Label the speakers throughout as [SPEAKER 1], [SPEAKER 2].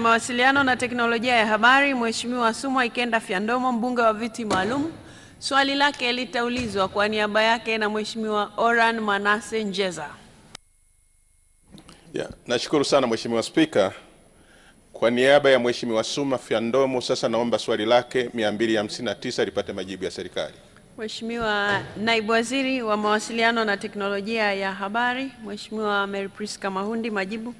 [SPEAKER 1] Mawasiliano na teknolojia ya habari, Mheshimiwa Sumwa Ikenda Fyandomo, mbunge wa viti maalum, swali lake litaulizwa kwa niaba yake na Mheshimiwa Oran Manase Njeza.
[SPEAKER 2] Yeah, nashukuru sana Mheshimiwa Spika. Kwa niaba ya Mheshimiwa suma Fyandomo, sasa naomba swali lake 259 lipate majibu ya serikali.
[SPEAKER 3] Mheshimiwa Naibu Waziri wa Mawasiliano na Teknolojia ya Habari, Mheshimiwa Mary Priska Mahundi, majibu.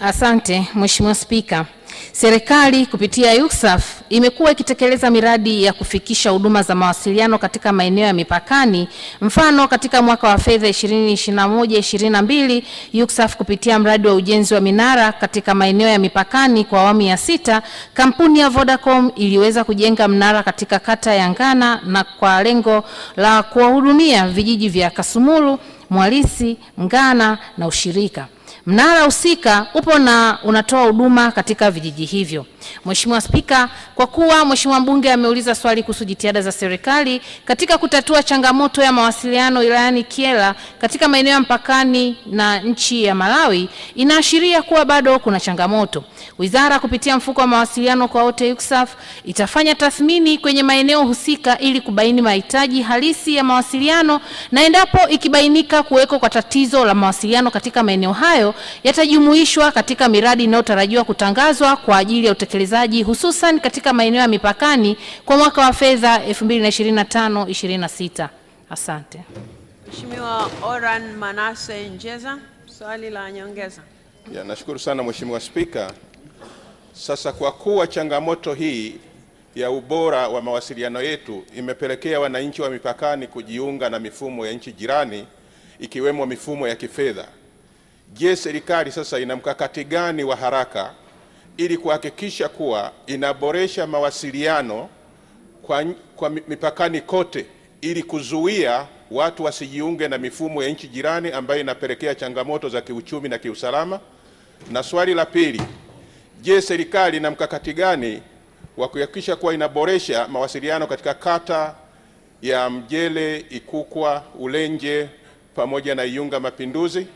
[SPEAKER 4] Asante Mheshimiwa Spika. Serikali kupitia UCSAF imekuwa ikitekeleza miradi ya kufikisha huduma za mawasiliano katika maeneo ya mipakani. Mfano, katika mwaka wa fedha 2021/2022 UCSAF kupitia mradi wa ujenzi wa minara katika maeneo ya mipakani kwa awamu ya sita, kampuni ya Vodacom iliweza kujenga mnara katika kata ya Ngana na kwa lengo la kuwahudumia vijiji vya Kasumulu, Mwalisi, Ngana na Ushirika. Mnara husika upo na unatoa huduma katika vijiji hivyo. Mheshimiwa Spika, kwa kuwa Mheshimiwa mbunge ameuliza swali kuhusu jitihada za serikali katika kutatua changamoto ya mawasiliano wilayani Kyela katika maeneo ya mpakani na nchi ya Malawi, inaashiria kuwa bado kuna changamoto. Wizara kupitia mfuko wa mawasiliano kwa wote UCSAF itafanya tathmini kwenye maeneo husika ili kubaini mahitaji halisi ya mawasiliano, na endapo ikibainika kuweko kwa tatizo la mawasiliano katika maeneo hayo yatajumuishwa katika miradi inayotarajiwa kutangazwa kwa ajili ya utekelezaji hususan katika maeneo ya mipakani kwa mwaka wa fedha 2025-26. Asante.
[SPEAKER 1] Mheshimiwa Oran Manase Njeza, swali la nyongeza.
[SPEAKER 2] Ya, nashukuru sana Mheshimiwa Spika. Sasa kwa kuwa changamoto hii ya ubora wa mawasiliano yetu imepelekea wananchi wa mipakani kujiunga na mifumo ya nchi jirani ikiwemo mifumo ya kifedha Je, serikali sasa ina mkakati gani wa haraka ili kuhakikisha kuwa inaboresha mawasiliano kwa, kwa mipakani kote ili kuzuia watu wasijiunge na mifumo ya nchi jirani ambayo inapelekea changamoto za kiuchumi na kiusalama? Na swali la pili, je, serikali ina mkakati gani wa kuhakikisha kuwa inaboresha mawasiliano katika kata ya Mjele, Ikukwa, Ulenje pamoja na Iunga Mapinduzi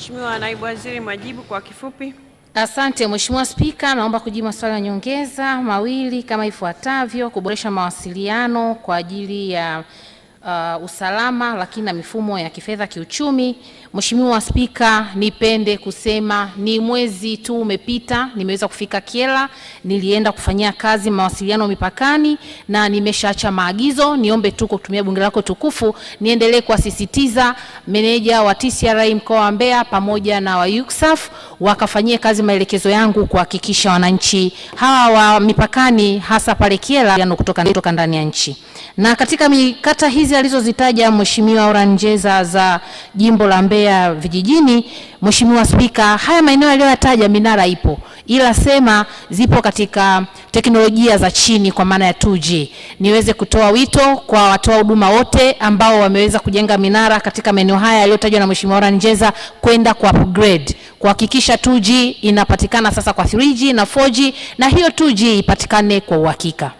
[SPEAKER 3] Mheshimiwa Naibu Waziri majibu kwa kifupi.
[SPEAKER 5] Asante Mheshimiwa Spika, naomba kujibu maswali ya nyongeza mawili kama ifuatavyo: kuboresha mawasiliano kwa ajili ya uh, usalama lakini na mifumo ya kifedha kiuchumi. Mheshimiwa Spika, nipende kusema ni mwezi tu umepita, nimeweza kufika Kyela, nilienda kufanyia kazi mawasiliano mipakani na nimeshaacha maagizo. Niombe tu kutumia bunge lako tukufu, niendelee kuwasisitiza meneja wa TCRA mkoa wa Mbeya pamoja na wa UCSAF wakafanyie kazi maelekezo yangu kuhakikisha wananchi hawa wa mipakani hasa pale Kyela kutoka ndani ya nchi na katika mikata hizi hizi alizozitaja Mheshimiwa Oranjeza za jimbo la Mbeya vijijini, Mheshimiwa Spika, haya maeneo aliyoyataja minara ipo, ila sema zipo katika teknolojia za chini kwa maana ya 2G. Niweze kutoa wito kwa watoa huduma wote ambao wameweza kujenga minara katika maeneo haya yaliyotajwa na Mheshimiwa Oranjeza kwenda kwa upgrade, kuhakikisha 2G inapatikana sasa kwa 3G na 4G na hiyo 2G ipatikane kwa uhakika.